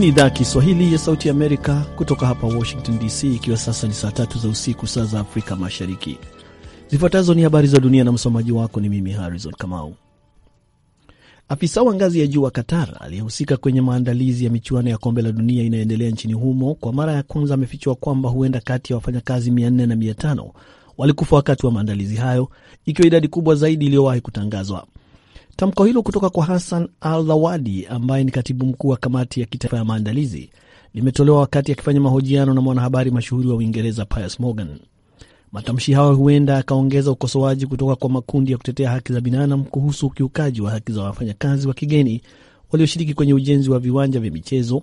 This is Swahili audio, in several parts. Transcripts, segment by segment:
Hii ni idhaa ya Kiswahili ya Sauti ya Amerika kutoka hapa Washington DC, ikiwa sasa ni saa tatu za usiku, saa za Afrika Mashariki. Zifuatazo ni habari za dunia na msomaji wako ni mimi Harrison Kamau. Afisa wa ngazi ya juu wa Qatar aliyehusika kwenye maandalizi ya michuano ya kombe la dunia inayoendelea nchini humo kwa mara ya kwanza amefichwa kwamba huenda kati ya wafanyakazi 45 na walikufa wakati wa maandalizi hayo, ikiwa idadi kubwa zaidi iliyowahi kutangazwa. Tamko hilo kutoka kwa Hassan al dhawadi ambaye ni katibu mkuu wa kamati ya kitaifa ya maandalizi limetolewa wakati akifanya mahojiano na mwanahabari mashuhuri wa Uingereza Piers Morgan. Matamshi hayo huenda akaongeza ukosoaji kutoka kwa makundi ya kutetea haki za binadamu kuhusu ukiukaji wa haki za wafanyakazi wa kigeni walioshiriki kwenye ujenzi wa viwanja vya michezo,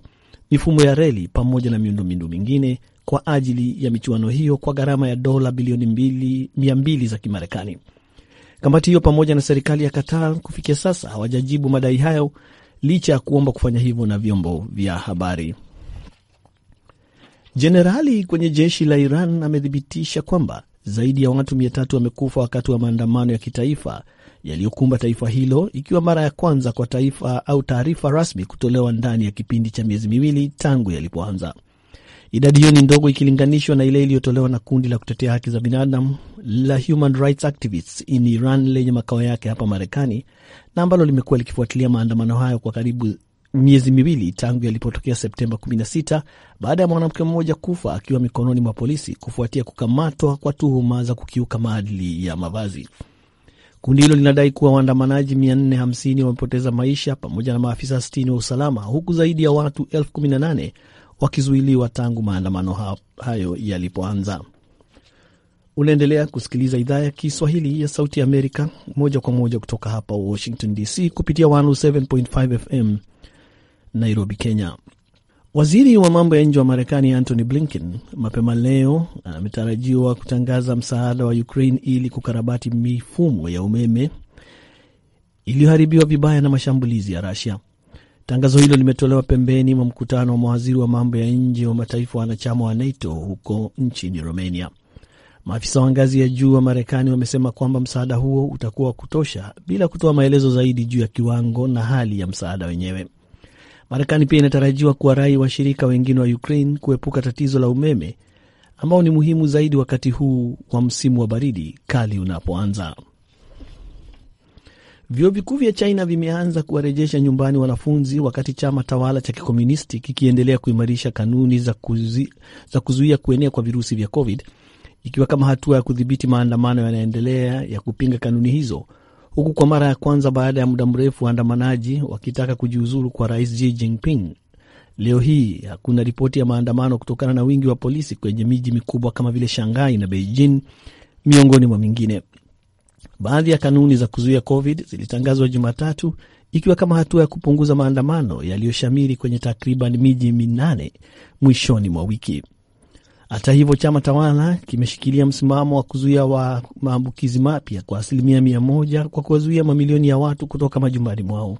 mifumo ya reli pamoja na miundombinu mingine kwa ajili ya michuano hiyo kwa gharama ya dola bilioni mia mbili za Kimarekani. Kamati hiyo pamoja na serikali ya Qatar kufikia sasa hawajajibu madai hayo licha ya kuomba kufanya hivyo na vyombo vya habari. Jenerali kwenye jeshi la Iran amethibitisha kwamba zaidi ya watu mia tatu wamekufa wakati wa maandamano ya kitaifa yaliyokumba taifa hilo, ikiwa mara ya kwanza kwa taifa au taarifa rasmi kutolewa ndani ya kipindi cha miezi miwili tangu yalipoanza. Idadi hiyo ni ndogo ikilinganishwa na ile iliyotolewa na kundi la kutetea haki za binadamu la Human Rights Activists in Iran lenye makao yake hapa Marekani na ambalo limekuwa likifuatilia maandamano hayo kwa karibu miezi miwili tangu yalipotokea Septemba 16 baada ya mwanamke mmoja kufa akiwa mikononi mwa polisi kufuatia kukamatwa kwa tuhuma za kukiuka maadili ya mavazi. Kundi hilo linadai kuwa waandamanaji 450 wamepoteza maisha pamoja na maafisa 60 wa usalama huku zaidi ya watu 18 wakizuiliwa tangu maandamano hayo yalipoanza. Unaendelea kusikiliza idhaa ya Kiswahili ya Sauti Amerika moja kwa moja kutoka hapa Washington DC kupitia 107.5 FM Nairobi, Kenya. Waziri wa mambo ya nje wa Marekani Antony Blinken mapema leo ametarajiwa kutangaza msaada wa Ukraine ili kukarabati mifumo ya umeme iliyoharibiwa vibaya na mashambulizi ya Rusia. Tangazo hilo limetolewa pembeni mwa mkutano wa mawaziri wa mambo ya nje wa mataifa wanachama wa NATO huko nchini Romania. Maafisa wa ngazi ya juu wa Marekani wamesema kwamba msaada huo utakuwa wa kutosha bila kutoa maelezo zaidi juu ya kiwango na hali ya msaada wenyewe. Marekani pia inatarajiwa kuwa rai washirika wengine wa Ukraine kuepuka tatizo la umeme ambao ni muhimu zaidi wakati huu wa msimu wa baridi kali unapoanza. Vyuo vikuu vya China vimeanza kuwarejesha nyumbani wanafunzi, wakati chama tawala cha kikomunisti kikiendelea kuimarisha kanuni za, kuzi, za kuzuia kuenea kwa virusi vya COVID, ikiwa kama hatua ya kudhibiti maandamano yanayoendelea ya kupinga kanuni hizo, huku kwa mara ya kwanza baada ya muda mrefu waandamanaji wakitaka kujiuzulu kwa rais Xi Jinping. Leo hii hakuna ripoti ya maandamano kutokana na wingi wa polisi kwenye miji mikubwa kama vile Shanghai na Beijing, miongoni mwa mingine. Baadhi ya kanuni za kuzuia COVID zilitangazwa Jumatatu ikiwa kama hatua ya kupunguza maandamano yaliyoshamiri kwenye takriban miji minane mwishoni mwa wiki. Hata hivyo, chama tawala kimeshikilia msimamo wa kuzuia wa maambukizi mapya kwa asilimia mia moja kwa kuwazuia mamilioni ya watu kutoka majumbani mwao.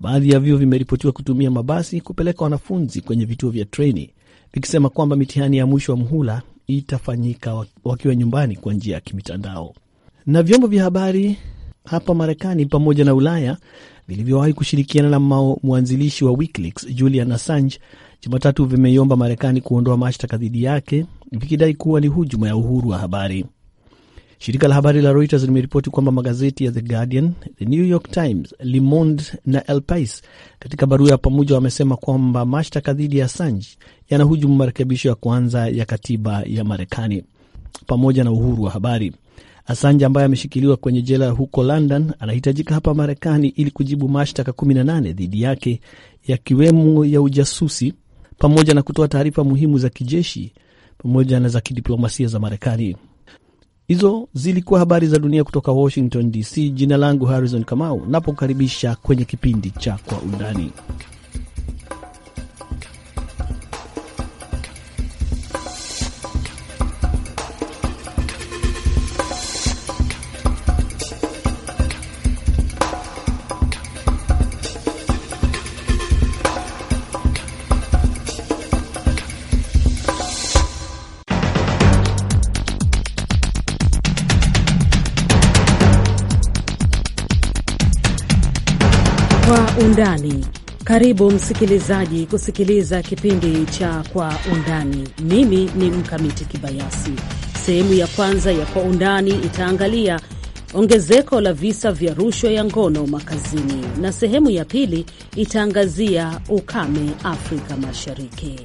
Baadhi ya vyuo vimeripotiwa kutumia mabasi kupeleka wanafunzi kwenye vituo vya treni, vikisema kwamba mitihani ya mwisho wa muhula itafanyika wakiwa nyumbani kwa njia ya kimitandao na vyombo vya habari hapa Marekani pamoja na Ulaya vilivyowahi kushirikiana na mwanzilishi wa WikiLeaks Julian Assange Jumatatu vimeiomba Marekani kuondoa mashtaka dhidi yake vikidai kuwa ni hujuma ya uhuru wa habari. Shirika la habari la Reuters limeripoti kwamba magazeti ya The Guardian, The New York Times, Le Monde na El Pais katika barua ya pamoja wamesema kwamba mashtaka dhidi ya Assange yanahujumu marekebisho ya kwanza ya katiba ya Marekani pamoja na uhuru wa habari. Asanja ambaye ameshikiliwa kwenye jela huko London anahitajika hapa Marekani ili kujibu mashtaka 18 dhidi yake yakiwemo ya ujasusi pamoja na kutoa taarifa muhimu za kijeshi pamoja na za kidiplomasia za Marekani. Hizo zilikuwa habari za dunia kutoka Washington DC. Jina langu Harrison Kamau, napokaribisha kwenye kipindi cha Kwa Undani. Undani. Karibu msikilizaji kusikiliza kipindi cha Kwa Undani. Mimi ni Mkamiti Kibayasi. Sehemu ya kwanza ya Kwa Undani itaangalia ongezeko la visa vya rushwa ya ngono makazini, na sehemu ya pili itaangazia ukame Afrika Mashariki.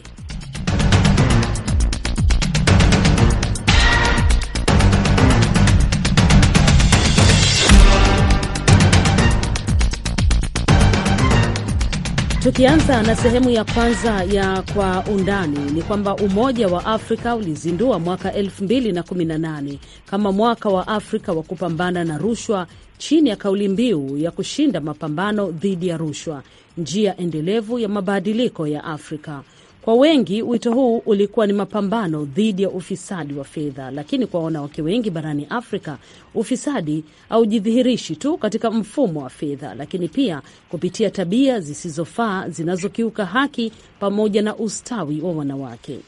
Tukianza na sehemu ya kwanza ya Kwa Undani ni kwamba Umoja wa Afrika ulizindua mwaka 2018 kama mwaka wa Afrika wa kupambana na rushwa chini ya kauli mbiu ya kushinda mapambano dhidi ya rushwa, njia endelevu ya mabadiliko ya Afrika. Kwa wengi wito huu ulikuwa ni mapambano dhidi ya ufisadi wa fedha, lakini kwa wanawake wengi barani Afrika ufisadi haujidhihirishi tu katika mfumo wa fedha, lakini pia kupitia tabia zisizofaa zinazokiuka haki pamoja na ustawi wa wanawake.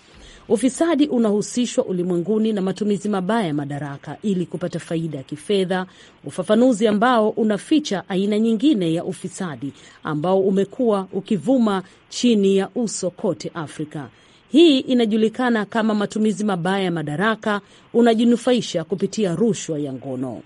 Ufisadi unahusishwa ulimwenguni na matumizi mabaya ya madaraka ili kupata faida ya kifedha, ufafanuzi ambao unaficha aina nyingine ya ufisadi ambao umekuwa ukivuma chini ya uso kote Afrika. Hii inajulikana kama matumizi mabaya ya madaraka, unajinufaisha kupitia rushwa ya ngono.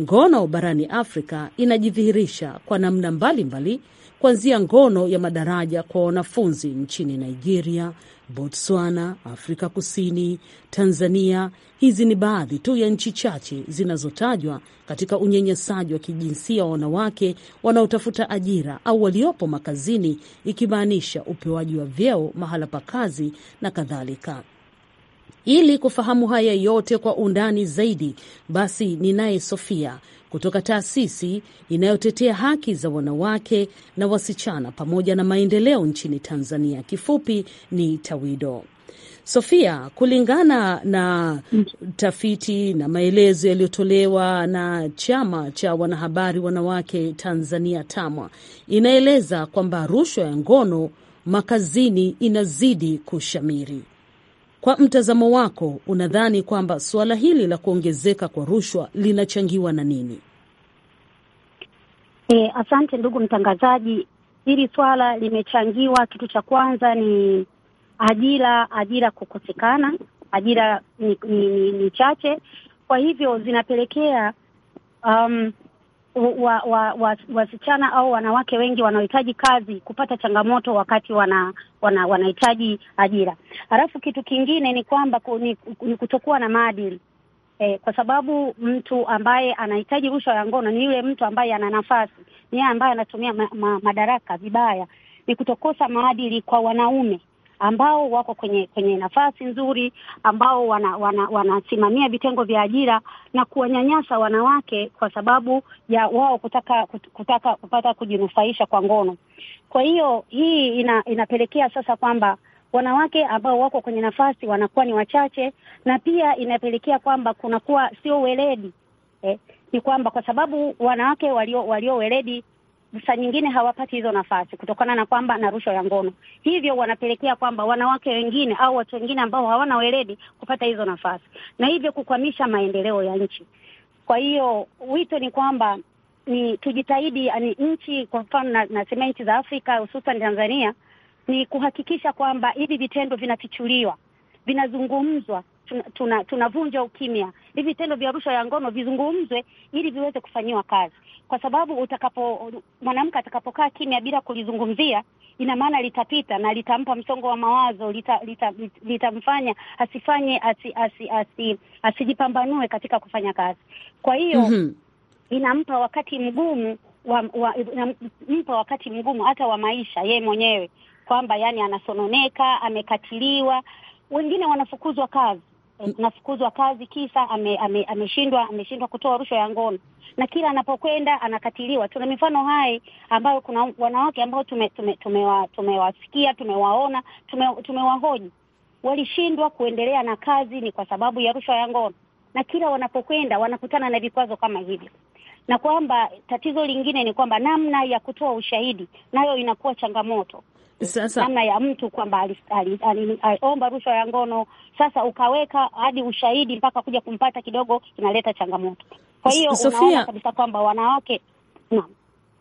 Ngono barani Afrika inajidhihirisha kwa namna mbalimbali mbali, kuanzia ngono ya madaraja kwa wanafunzi nchini Nigeria, Botswana, Afrika Kusini, Tanzania. Hizi ni baadhi tu ya nchi chache zinazotajwa katika unyanyasaji wa kijinsia wa wanawake wanaotafuta ajira au waliopo makazini, ikimaanisha upewaji wa vyeo mahala pa kazi na kadhalika. Ili kufahamu haya yote kwa undani zaidi, basi ninaye Sofia kutoka taasisi inayotetea haki za wanawake na wasichana pamoja na maendeleo nchini Tanzania, kifupi ni TAWIDO. Sofia, kulingana na tafiti na maelezo yaliyotolewa na chama cha wanahabari wanawake Tanzania TAMWA, inaeleza kwamba rushwa ya ngono makazini inazidi kushamiri. Kwa mtazamo wako, unadhani kwamba suala hili la kuongezeka kwa rushwa linachangiwa na nini? E, asante ndugu mtangazaji. Hili swala limechangiwa, kitu cha kwanza ni ajira, ajira kukosekana, ajira ni, ni, ni, ni chache, kwa hivyo zinapelekea um, wa, wa, wa, wasichana au wanawake wengi wanaohitaji kazi kupata changamoto wakati wana, wana wanahitaji ajira. Halafu kitu kingine ni kwamba ni, ni kutokuwa na maadili eh, kwa sababu mtu ambaye anahitaji rushwa ya ngono ni yule mtu ambaye ana nafasi, ni yeye ambaye anatumia ma, ma, madaraka vibaya. Ni kutokosa maadili kwa wanaume ambao wako kwenye kwenye nafasi nzuri, ambao wanasimamia wana, wana vitengo vya ajira na kuwanyanyasa wanawake kwa sababu ya wao kutaka kutaka kupata kujinufaisha kwa ngono. Kwa hiyo hii ina, inapelekea sasa kwamba wanawake ambao wako kwenye nafasi wanakuwa ni wachache, na pia inapelekea kwamba kunakuwa sio weledi eh, ni kwamba kwa sababu wanawake walio walio weledi saa nyingine hawapati hizo nafasi kutokana na kwamba na rushwa ya ngono, hivyo wanapelekea kwamba wanawake wengine au watu wengine ambao hawana weledi kupata hizo nafasi na hivyo kukwamisha maendeleo ya nchi. Kwa hiyo wito ni kwamba ni tujitahidi, yani nchi kwa mfano na, nasema nchi za Afrika hususan Tanzania ni kuhakikisha kwamba hivi vitendo vinafichuliwa, vinazungumzwa, tunavunja tuna, tuna ukimya. Hivi vitendo vya rushwa ya ngono vizungumzwe ili viweze kufanyiwa kazi kwa sababu utakapo mwanamke atakapokaa kimya bila kulizungumzia, ina maana litapita na litampa msongo wa mawazo, litamfanya lita, lita asifanye asi, asi, asi, asijipambanue katika kufanya kazi. Kwa hiyo mm -hmm. inampa wakati mgumu wa, wa, inampa wakati mgumu hata wa maisha yeye mwenyewe kwamba yani anasononeka, amekatiliwa, wengine wanafukuzwa kazi nafukuzwa kazi kisa ameshindwa ame, ameshindwa kutoa rushwa ya ngono, na kila anapokwenda anakatiliwa. Tuna mifano hai ambayo kuna wanawake ambao tumewasikia, tume, tume tumewaona, tumewahoji, tume walishindwa kuendelea na kazi ni kwa sababu ya rushwa ya ngono, na kila wanapokwenda wanakutana na vikwazo kama hivyo na kwamba tatizo lingine ni kwamba namna ya kutoa ushahidi nayo inakuwa changamoto sasa, namna ya mtu kwamba aliomba rushwa ya ngono, sasa ukaweka hadi ushahidi mpaka kuja kumpata, kidogo inaleta changamoto. Kwa hiyo unaona kabisa kwamba wanawake na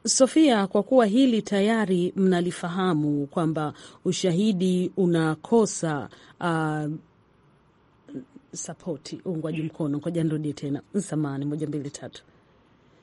Sofia, kwa kuwa hili tayari mnalifahamu kwamba ushahidi unakosa uh, sapoti uungwaji mkono. Ngoja nirudie tena, samahani, moja mbili tatu.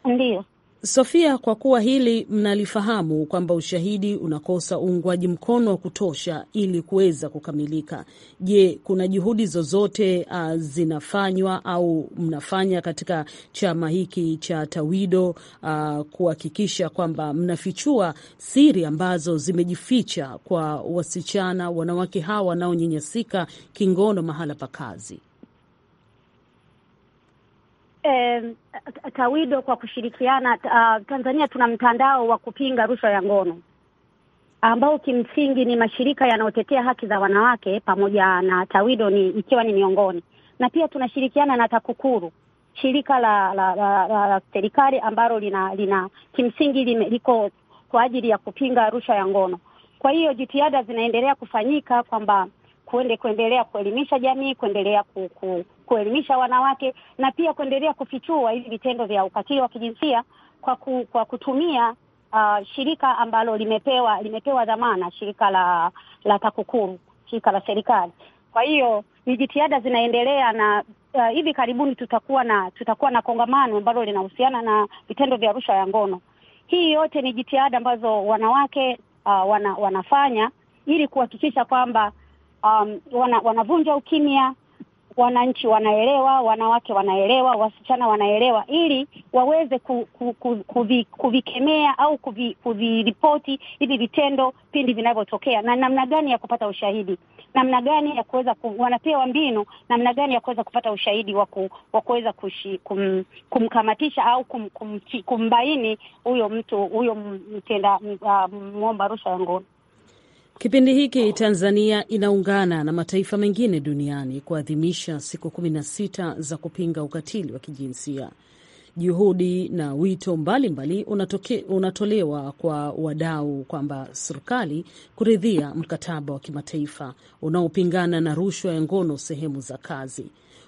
ndio Sofia, kwa kuwa hili mnalifahamu kwamba ushahidi unakosa uungwaji mkono wa kutosha ili kuweza kukamilika, je, kuna juhudi zozote uh, zinafanywa au mnafanya katika chama hiki cha Tawido uh, kuhakikisha kwamba mnafichua siri ambazo zimejificha kwa wasichana wanawake hawa wanaonyanyasika kingono mahala pa kazi? eh, TAWIDO kwa kushirikiana uh, Tanzania tuna mtandao wa kupinga rushwa ya ngono ambao kimsingi ni mashirika yanayotetea haki za wanawake pamoja na TAWIDO ni ikiwa ni miongoni, na pia tunashirikiana na TAKUKURU shirika la la, la, la, la serikali ambalo lina lina kimsingi lime, liko kwa ajili ya kupinga rushwa ya ngono. Kwa hiyo jitihada zinaendelea kufanyika kwamba kuende kuendelea kuelimisha jamii, kuendelea ku, ku, kuelimisha wanawake na pia kuendelea kufichua hivi vitendo vya ukatili wa kijinsia kwa, ku, kwa kutumia uh, shirika ambalo limepewa limepewa dhamana, shirika la la TAKUKURU, shirika la serikali. Kwa hiyo ni jitihada zinaendelea na uh, hivi karibuni tutakuwa na tutakuwa na kongamano ambalo linahusiana na vitendo vya rushwa ya ngono. Hii yote ni jitihada ambazo wanawake uh, wana, wanafanya ili kuhakikisha kwamba um, wana, wanavunja ukimya. Wananchi wanaelewa, wanawake wanaelewa, wasichana wanaelewa, ili waweze ku, ku, ku, kuvi, kuvikemea au kuviripoti kuvi hivi vitendo pindi vinavyotokea, na namna gani ya kupata ushahidi, namna gani ya kuweza ku, wanapewa mbinu, namna gani ya kuweza kupata ushahidi wa kuweza kum, kumkamatisha au kum, kum, kumbaini huyo mtu huyo mtenda uh, mwomba rushwa ya ngono. Kipindi hiki Tanzania inaungana na mataifa mengine duniani kuadhimisha siku 16 za kupinga ukatili wa kijinsia. Juhudi na wito mbalimbali mbali unatolewa kwa wadau kwamba serikali kuridhia mkataba wa kimataifa unaopingana na rushwa ya ngono sehemu za kazi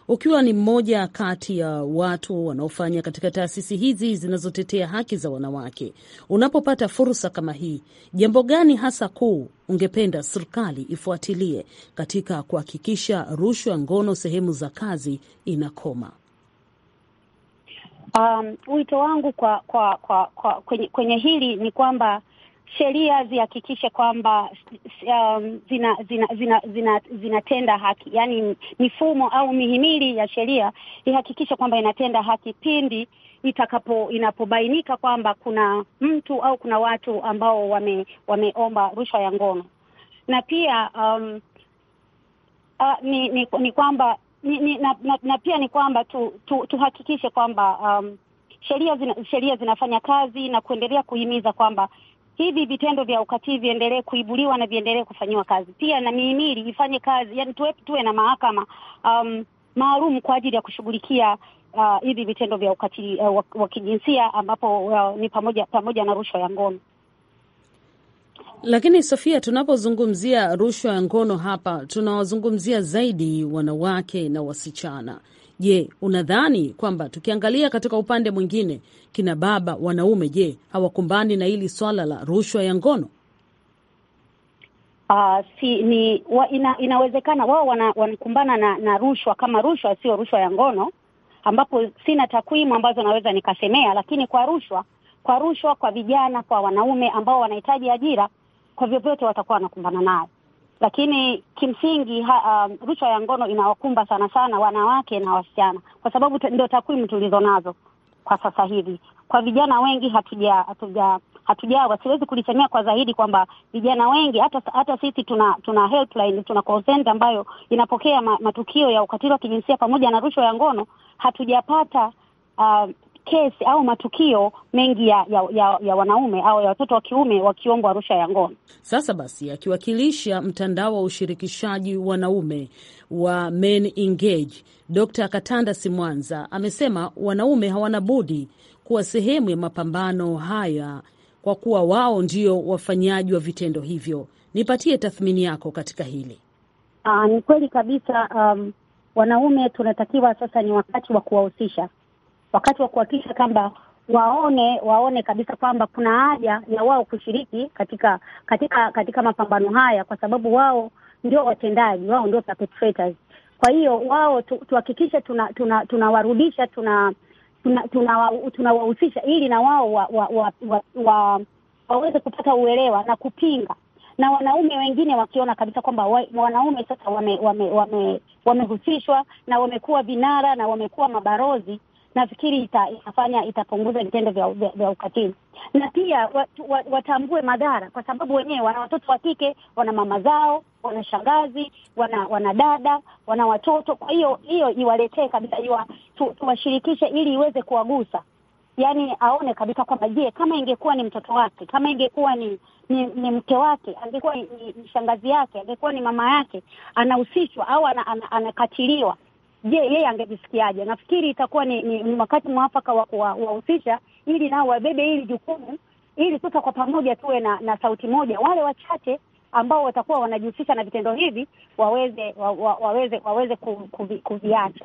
ukiwa ni mmoja kati ya watu wanaofanya katika taasisi hizi zinazotetea haki za wanawake, unapopata fursa kama hii, jambo gani hasa kuu ungependa serikali ifuatilie katika kuhakikisha rushwa ngono sehemu za kazi inakoma? Um, wito wangu kwa, kwa, kwa, kwa kwenye, kwenye hili ni kwamba sheria zihakikishe kwamba um, zinatenda zina, zina, zina, zina haki, yaani mifumo au mihimili ya sheria ihakikishe kwamba inatenda haki pindi itakapo inapobainika kwamba kuna mtu au kuna watu ambao wame, wameomba rushwa ya ngono na pia um, uh, ni, ni, ni kwamba ni, ni, na, na, na pia ni kwamba tu, tu, tuhakikishe kwamba um, sheria zina, sheria zinafanya kazi na kuendelea kuhimiza kwamba hivi vitendo vya ukatili viendelee kuibuliwa na viendelee kufanyiwa kazi, pia na mihimili ifanye kazi, yani tuwe, tuwe na mahakama um, maalum kwa ajili ya kushughulikia uh, hivi vitendo vya ukatili uh, wa kijinsia ambapo uh, ni pamoja pamoja na rushwa ya ngono. Lakini Sofia, tunapozungumzia rushwa ya ngono hapa tunawazungumzia zaidi wanawake na wasichana. Je, unadhani kwamba tukiangalia katika upande mwingine, kina baba wanaume, je, hawakumbani na hili swala la rushwa ya ngono? Uh, si ni wa, ina, inawezekana wao wana, wanakumbana na, na rushwa kama rushwa, sio rushwa ya ngono, ambapo sina takwimu ambazo naweza nikasemea, lakini kwa rushwa, kwa rushwa kwa vijana, kwa wanaume ambao wanahitaji ajira, kwa vyovyote watakuwa wanakumbana nayo lakini kimsingi ha, um, rushwa ya ngono inawakumba sana sana wanawake na wasichana, kwa sababu ndio takwimu tulizo nazo kwa sasa hivi. Kwa vijana wengi hatuja hatuja hatujawa, siwezi kulisemea kwa zaidi kwamba vijana wengi hata hata sisi tuna tuna helpline, tuna call center ambayo inapokea ma, matukio ya ukatili wa kijinsia pamoja na rushwa ya ngono, hatujapata uh, kesi au matukio mengi ya, ya, ya, ya wanaume au ya watoto wa kiume wakiombwa rusha ya ngono. Sasa basi, akiwakilisha mtandao wa ushirikishaji wanaume wa Men Engage, Dr. Katanda Simwanza amesema wanaume hawana budi kuwa sehemu ya mapambano haya kwa kuwa wao ndio wafanyaji wa vitendo hivyo. Nipatie tathmini yako katika hili. Aa, ah, ni kweli kabisa. Um, wanaume tunatakiwa sasa, ni wakati wa kuwahusisha wakati wa kuhakikisha kwamba waone waone kabisa kwamba kuna haja ya wao kushiriki katika katika katika mapambano haya, kwa sababu wao ndio watendaji, wao ndio perpetrators. Kwa hiyo wao tuhakikishe tunawarudisha, tuna, tuna tunawahusisha tuna, tuna ili na wao wa, wa, wa, wa, wa, waweze kupata uelewa na kupinga, na wanaume wengine wakiona kabisa kwamba wa, wanaume sasa wamehusishwa wame, wame, wame na wamekuwa vinara na wamekuwa mabarozi nafikiri ita, itafanya itapunguza vitendo vya, vya, vya ukatili na pia watu, wat, watambue madhara, kwa sababu wenyewe wana watoto wa kike, wana mama zao, wana shangazi, wana wana dada, wana watoto. Kwa hiyo hiyo iwaletee kabisa, tuwashirikishe tu, ili iweze kuwagusa yaani aone kabisa kwamba je, kama ingekuwa ni mtoto wake, kama ingekuwa ni ni, ni mke wake, angekuwa ni, ni, ni shangazi yake, angekuwa ni mama yake, anahusishwa au anakatiliwa ana, ana, je, yeye angejisikiaje? Nafikiri itakuwa ni, ni, ni wakati mwafaka wa kuwahusisha ili nao wabebe hili jukumu, ili sasa kwa pamoja tuwe na, na sauti moja. Wale wachache ambao watakuwa wanajihusisha na vitendo hivi waweze wa, wa, waweze waweze kuviacha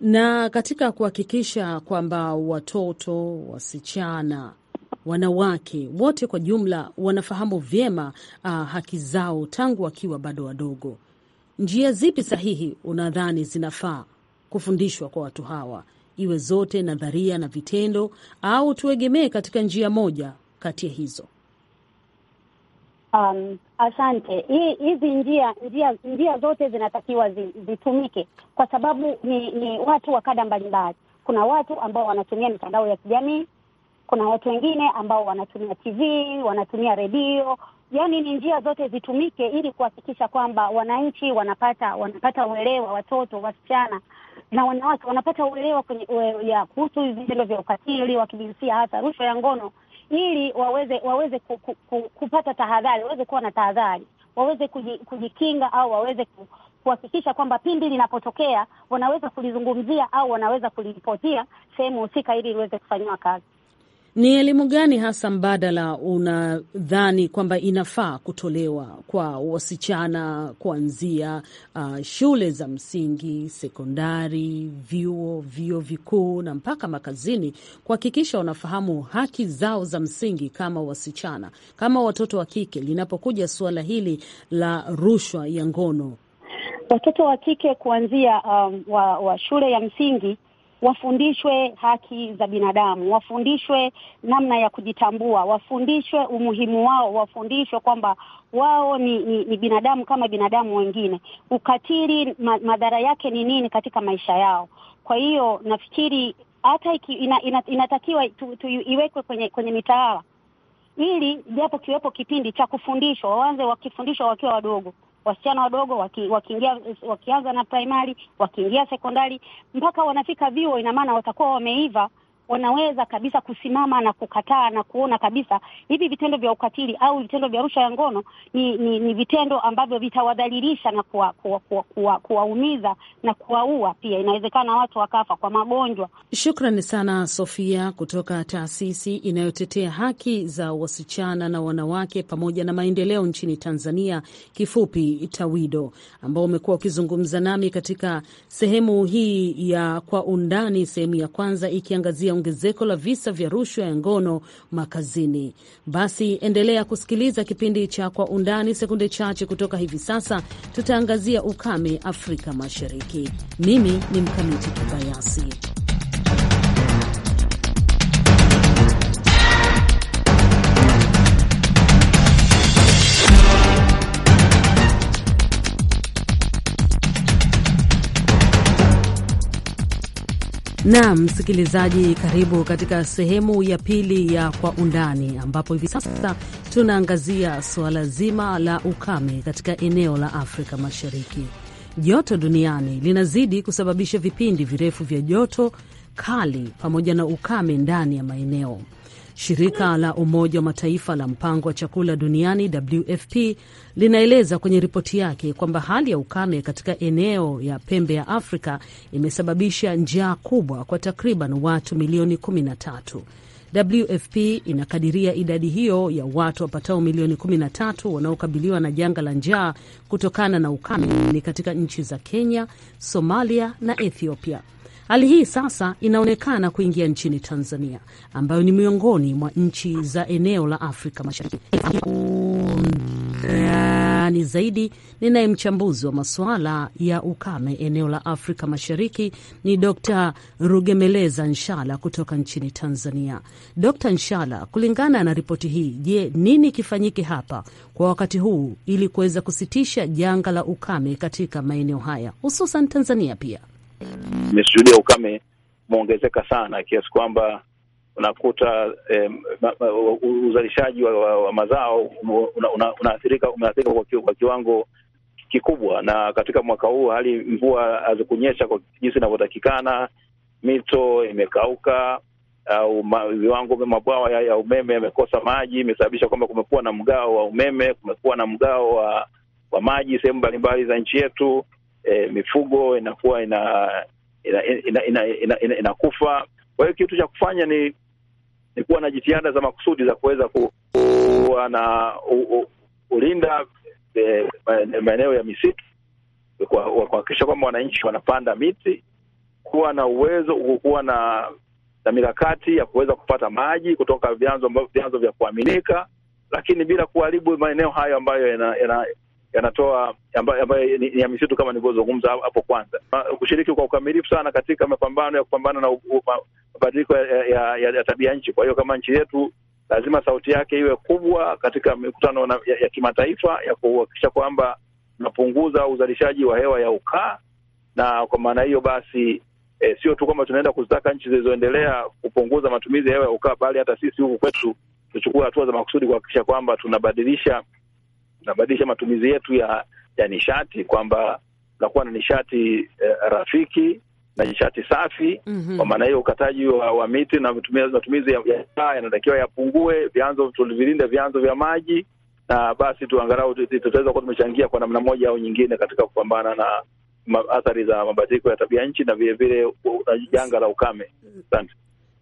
na katika kuhakikisha kwamba watoto, wasichana, wanawake wote kwa jumla wanafahamu vyema uh, haki zao tangu wakiwa bado wadogo njia zipi sahihi unadhani zinafaa kufundishwa kwa watu hawa, iwe zote nadharia na vitendo, au tuegemee katika njia moja kati ya hizo? Um, asante. Hizi njia njia njia zote zinatakiwa zi, zitumike kwa sababu ni, ni watu wa kada mbalimbali. Kuna watu ambao wanatumia mitandao ya kijamii, kuna watu wengine ambao wanatumia TV, wanatumia redio, yani ni njia zote zitumike ili kuhakikisha kwamba wananchi wanapata wanapata uelewa, watoto, wasichana na wanawake wanapata uelewa kuhusu vitendo vya ukatili wa kijinsia, hasa rushwa ya ngono, ili waweze waweze ku, ku, ku, kupata tahadhari, waweze kuwa na tahadhari, waweze kujikinga au waweze ku, kuhakikisha kwamba pindi linapotokea wanaweza kulizungumzia au wanaweza kuliripotia sehemu husika ili liweze kufanyiwa kazi. Ni elimu gani hasa mbadala unadhani kwamba inafaa kutolewa kwa wasichana kuanzia uh, shule za msingi, sekondari, vyuo, vyuo vikuu na mpaka makazini, kuhakikisha wanafahamu haki zao za msingi kama wasichana, kama watoto wa kike, linapokuja suala hili la rushwa ya ngono? Watoto wa kike kuanzia um, wa, wa shule ya msingi wafundishwe haki za binadamu, wafundishwe namna ya kujitambua, wafundishwe umuhimu wao, wafundishwe kwamba wao ni, ni, ni binadamu kama binadamu wengine. Ukatili ma, madhara yake ni nini katika maisha yao? Kwa hiyo nafikiri hata ina, ina, inatakiwa tu, tu, iwekwe kwenye, kwenye mitaala ili japo kiwepo kipindi cha kufundishwa, waanze wakifundishwa wakiwa wadogo wasichana wadogo wakiingia wakianza na primary wakiingia sekondari mpaka wanafika vyuo, ina maana watakuwa wameiva wanaweza kabisa kusimama na kukataa na kuona kabisa hivi vitendo vya ukatili au vitendo vya rusha ya ngono ni, ni, ni vitendo ambavyo vitawadhalilisha na kuwaumiza kuwa, kuwa, kuwa, kuwa na kuwaua pia. Inawezekana watu wakafa kwa magonjwa. Shukrani sana Sofia kutoka taasisi inayotetea haki za wasichana na wanawake pamoja na maendeleo nchini Tanzania, kifupi TAWIDO, ambao umekuwa ukizungumza nami katika sehemu hii ya kwa undani, sehemu ya kwanza ikiangazia ongezeko la visa vya rushwa ya ngono makazini. Basi endelea kusikiliza kipindi cha Kwa Undani. Sekunde chache kutoka hivi sasa tutaangazia ukame Afrika Mashariki. Mimi ni Mkamiti Kibayasi. Naam, msikilizaji, karibu katika sehemu ya pili ya Kwa Undani, ambapo hivi sasa tunaangazia suala zima la ukame katika eneo la Afrika Mashariki. Joto duniani linazidi kusababisha vipindi virefu vya joto kali pamoja na ukame ndani ya maeneo Shirika la Umoja wa Mataifa la Mpango wa Chakula Duniani, WFP, linaeleza kwenye ripoti yake kwamba hali ya ukame katika eneo ya pembe ya Afrika imesababisha njaa kubwa kwa takriban watu milioni 13. WFP inakadiria idadi hiyo ya watu wapatao milioni 13 wanaokabiliwa na janga la njaa kutokana na ukame ni katika nchi za Kenya, Somalia na Ethiopia. Hali hii sasa inaonekana kuingia nchini Tanzania, ambayo ni miongoni mwa nchi za eneo la Afrika Mashariki. Ni yaani zaidi ninaye mchambuzi wa masuala ya ukame eneo la Afrika Mashariki ni Dr. Rugemeleza Nshala kutoka nchini Tanzania. Dr. Nshala, kulingana na ripoti hii, je, nini kifanyike hapa kwa wakati huu ili kuweza kusitisha janga la ukame katika maeneo haya hususan Tanzania pia? Mmeshuhudia ukame umeongezeka sana kiasi kwamba unakuta eh, uzalishaji wa, wa, wa mazao unaathirika una, una una kwa kiwango kikubwa. Na katika mwaka huu hali mvua hazikunyesha kwa jinsi inavyotakikana, mito imekauka au viwango vya mabwawa ya, ya umeme yamekosa maji, imesababisha kwamba kumekuwa na mgao wa umeme, kumekuwa na mgao wa, wa maji sehemu mbalimbali za nchi yetu e, mifugo inakuwa ina inakufa ina, ina, ina, ina, ina. Kwa hiyo kitu cha kufanya ni ni kuwa na jitihada za makusudi za kuweza kuwa na ulinda e, eh, maeneo ya misitu kuhakikisha kwamba wananchi wanapanda miti, kuwa na uwezo, kuwa na na mikakati ya kuweza kupata maji kutoka vyanzo vyanzo vya kuaminika, lakini bila kuharibu maeneo hayo ambayo yana, yana, yanatoa ambayo ni ya misitu kama nilivyozungumza hapo kwanza. Kushiriki kwa ukamilifu sana katika mapambano ya kupambana na mabadiliko ya, ya, ya, ya tabia nchi. Kwa hiyo kama nchi yetu lazima sauti yake iwe kubwa katika mikutano na, ya, ya kimataifa ya kuhakikisha kwamba tunapunguza uzalishaji wa hewa ya ukaa, na kwa maana hiyo basi eh, sio tu kwamba tunaenda kuzitaka nchi zilizoendelea kupunguza matumizi ya hewa ya ukaa, bali hata sisi huku kwetu tuchukue hatua za makusudi kuhakikisha kwamba tunabadilisha tunabadilisha matumizi yetu ya ya nishati kwamba tunakuwa na nishati eh, rafiki na nishati safi mm -hmm. Kwa maana hiyo ukataji wa, wa miti na matumizi ya taa yanatakiwa yapungue, vyanzo tulivilinde vyanzo vya maji, na basi tuangalau tutaweza kuwa tumechangia kwa namna moja au nyingine katika kupambana na athari za mabadiliko ya tabia nchi na vilevile uh, janga la ukame. Asante.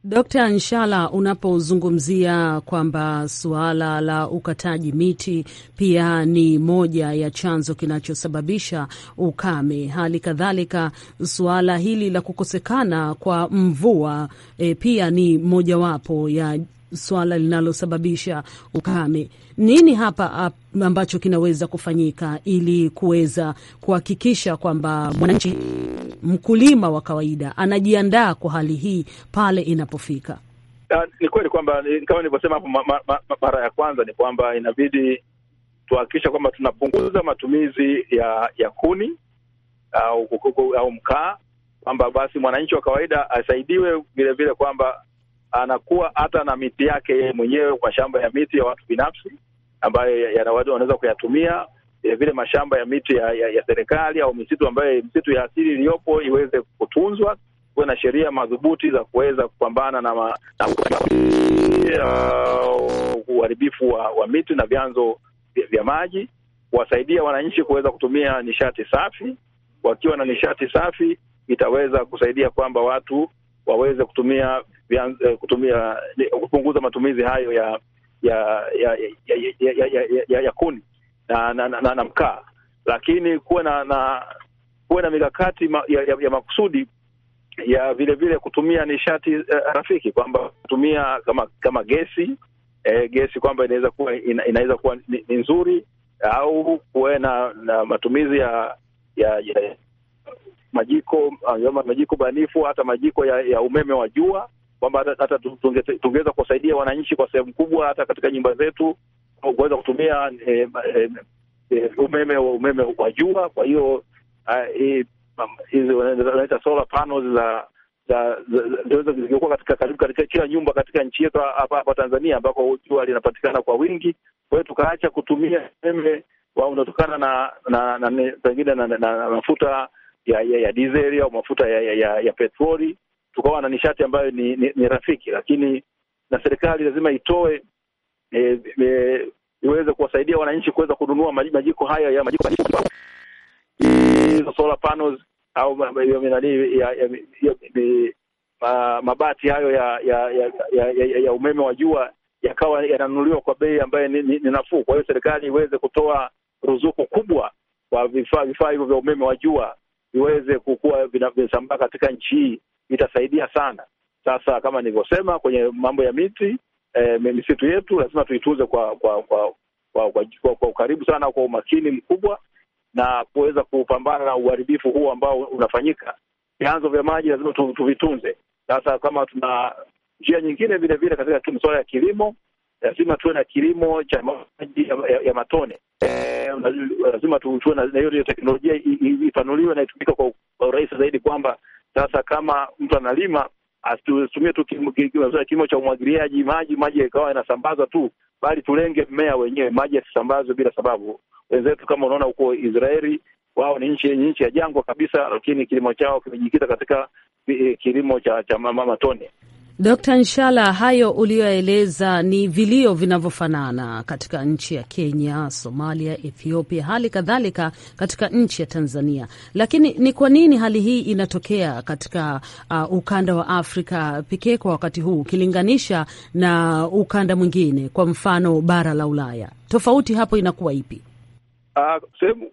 Dkt. Nshala, unapozungumzia kwamba suala la ukataji miti pia ni moja ya chanzo kinachosababisha ukame, hali kadhalika suala hili la kukosekana kwa mvua e, pia ni mojawapo ya swala linalosababisha ukame. Nini hapa ah, ambacho kinaweza kufanyika ili kuweza kuhakikisha kwamba mwananchi mkulima wa kawaida anajiandaa kwa hali hii pale inapofika? Uh, ni kweli kwamba kama nilivyosema hapo mara ya kwanza ni kwamba inabidi tuhakikisha kwamba tunapunguza matumizi ya ya kuni au, au mkaa, kwamba basi mwananchi wa kawaida asaidiwe vilevile kwamba anakuwa hata na miti yake yeye mwenyewe kwa shamba ya miti ya watu binafsi ambayo yana wanaweza kuyatumia vilevile eh, mashamba ya miti ya, ya, ya serikali au misitu ambayo misitu ya asili iliyopo iweze kutunzwa, kuwe na sheria madhubuti za kuweza kupambana na, ma, na uh, uharibifu wa, wa miti na vyanzo vya, vya maji, kuwasaidia wananchi kuweza kutumia nishati safi. Wakiwa na nishati safi, itaweza kusaidia kwamba watu waweze kutumia kutumia kupunguza matumizi hayo ya ya ya ya, ya, ya, ya, ya, ya kuni na, na, na, na, na mkaa, lakini kuwe na, na kuwe na mikakati ma, ya, ya, ya makusudi ya vile vile kutumia nishati uh, rafiki kwamba kutumia kama kama gesi eh, gesi kwamba inaweza kuwa ina, inaweza kuwa ni, ni nzuri au kuwe na, na matumizi ya, ya, ya majiko majiko banifu hata majiko ya, ya umeme wa jua kwamba hata tungeweza kuwasaidia wananchi kwa sehemu kubwa, hata katika nyumba zetu kuweza kutumia e, e, umeme umeme wa jua. Kwa hiyo ah, hizi wanaita solar panels za zingekuwa katika karibu katika kila nyumba katika nchi yetu hapa hapa Tanzania, ambako jua linapatikana kwa wingi. Kwa hiyo tukaacha kutumia umeme wao na na pengine na mafuta ya ya dizeli au mafuta ya ya petroli tukawa na nishati ambayo ni, ni, ni rafiki, lakini na serikali lazima itoe e, e, iweze kuwasaidia wananchi kuweza kununua majiko haya ya majiko hizo solar panels au nani ya, ya, mabati hayo ya ya, ya, ya, ya ya umeme wa jua yakawa yananunuliwa kwa bei ambayo ni, ni, ni nafuu. Kwa hiyo serikali iweze kutoa ruzuku kubwa kwa vifaa vifaa hivyo vya umeme wa jua viweze kukuwa vinasambaa katika nchi hii itasaidia sana. Sasa kama nilivyosema, kwenye mambo ya miti e, misitu yetu lazima tuitunze kwa kwa kwa kwa, kwa, kwa, kwa ukaribu sana, kwa umakini mkubwa na kuweza kupambana na uharibifu huu ambao unafanyika. Vyanzo vya maji lazima tuvitunze. Sasa kama tuna njia nyingine vile vile katika masuala ya kilimo, lazima tuwe na kilimo cha maji ya, ya, ya matone. E, lazima tuwe na hiyo teknolojia ipanuliwe na itumike kwa urahisi zaidi, kwamba sasa kama mtu analima asitumie tu kilimo cha umwagiliaji maji, maji ikawa yanasambazwa tu, bali tulenge mmea wenyewe, maji yasisambazwe bila sababu. Wenzetu kama unaona huko Israeli, wao ni nchi yenye nchi ya jangwa kabisa, lakini kilimo chao kimejikita katika eh, kilimo cha, cha matone. Dkt Nshala, hayo uliyoeleza ni vilio vinavyofanana katika nchi ya Kenya, Somalia, Ethiopia, hali kadhalika katika nchi ya Tanzania. Lakini ni kwa nini hali hii inatokea katika uh, ukanda wa Afrika pekee kwa wakati huu ukilinganisha na ukanda mwingine, kwa mfano bara la Ulaya? Tofauti hapo inakuwa ipi?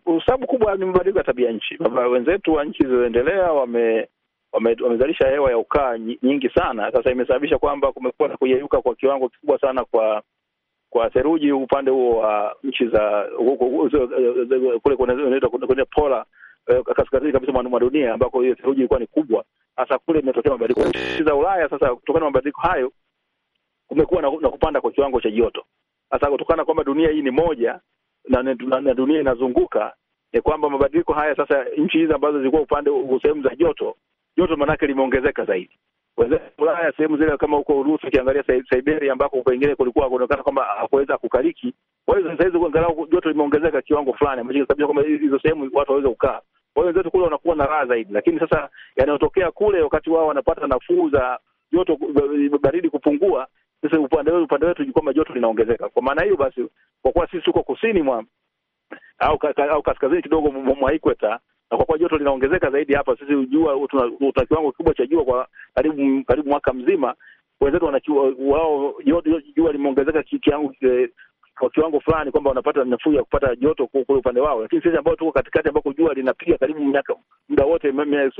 Uh, sababu kubwa ni mabadiliko ya tabia nchi. Wenzetu wa nchi zilizoendelea wame wamezalisha hewa ya ukaa nyingi sana. Sasa imesababisha kwamba kumekuwa na kuyeyuka kwa kiwango kikubwa sana kwa kwa theluji upande huo wa nchi za kule kwenye pola eh, kaskazini kabisa mwa dunia ambako hiyo theluji ilikuwa ni kubwa. Sasa kule imetokea mabadiliko nchi za Ulaya. Sasa kutokana na mabadiliko hayo kumekuwa na, na kupanda kwa kiwango cha joto. Sasa kutokana kwamba dunia hii ni moja na, na, na dunia inazunguka ni kwamba mabadiliko haya sasa, nchi hizi ambazo zilikuwa upande sehemu za joto joto manake limeongezeka zaidi. Ulaya sehemu zile kama huko Urusi, ukiangalia Siberia ambako pengine kulikuwa kuonekana kwamba hakuweza kukariki. Kwa hiyo sasa hizi angalau joto limeongezeka kiwango fulani ambacho kinasababisha kwamba hizo sehemu watu waweze kukaa. Kwa hiyo wenzetu kule wanakuwa na raha zaidi, lakini sasa yanayotokea kule, wakati wao wanapata nafuu za joto baridi kupungua, sasa upande wetu upande wetu kwamba joto linaongezeka. Kwa maana hiyo basi, kwa kuwa sisi tuko kusini mwa au, au kaskazini kidogo mwa ikweta na kwa kuwa joto linaongezeka zaidi hapa, sisi jua tuna kiwango kikubwa cha jua kwa karibu karibu mwaka mzima. Wenzetu wanachua wao jua limeongezeka kiwango eh, kwa kiwango fulani kwamba wanapata nafuu ya kupata joto kule upande wao, lakini sisi ambao tuko katikati ambako jua linapiga karibu miaka muda wote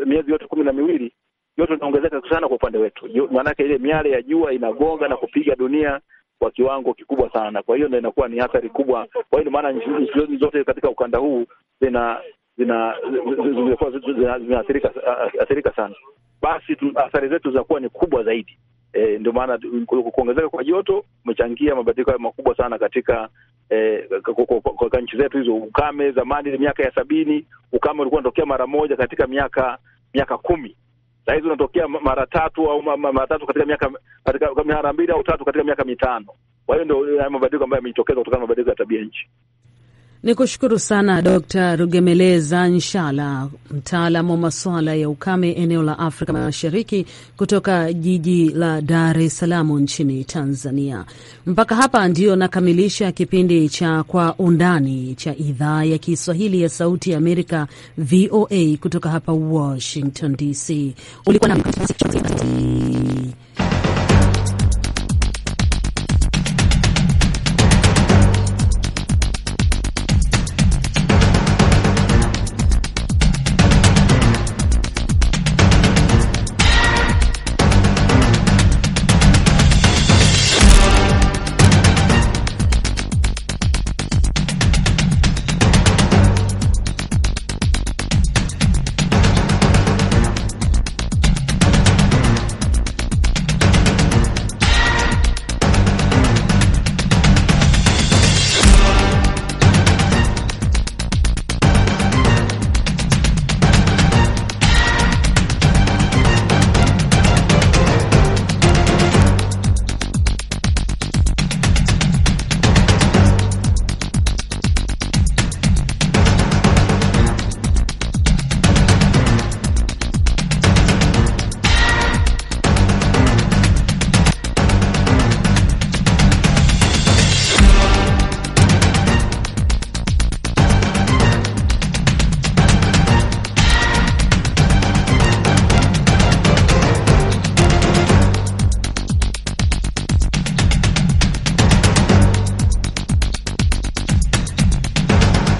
miezi yote kumi na miwili joto linaongezeka sana kwa upande wetu, maanake ile miale ya jua inagonga na kupiga dunia kwa kiwango kikubwa sana. Kwa hiyo ndo inakuwa ni athari kubwa. Kwa hiyo maana nchi zote katika ukanda huu zina zimekuwa zinaathirika sana, basi athari zetu zinakuwa ni kubwa zaidi. E, ndio maana kuongezeka kwa joto umechangia mabadiliko makubwa sana katika e, kwa nchi zetu hizo. Ukame zamani, miaka ya sabini, ukame ulikuwa unatokea mara moja katika miaka miaka kumi saa hizi unatokea mara tatu au mara tatu katika miaka katika mara mbili au tatu katika miaka mitano. Kwa hiyo ndio haya mabadiliko ambayo yamejitokeza kutokana na mabadiliko ya tabia nchi. Ni kushukuru sana Dr Rugemeleza Nshala, mtaalamu wa masuala ya ukame eneo la Afrika Mashariki kutoka jiji la Dar es Salaam nchini Tanzania. Mpaka hapa ndiyo nakamilisha kipindi cha Kwa Undani cha idhaa ya Kiswahili ya Sauti ya Amerika, VOA, kutoka hapa Washington DC. Ulikuwa na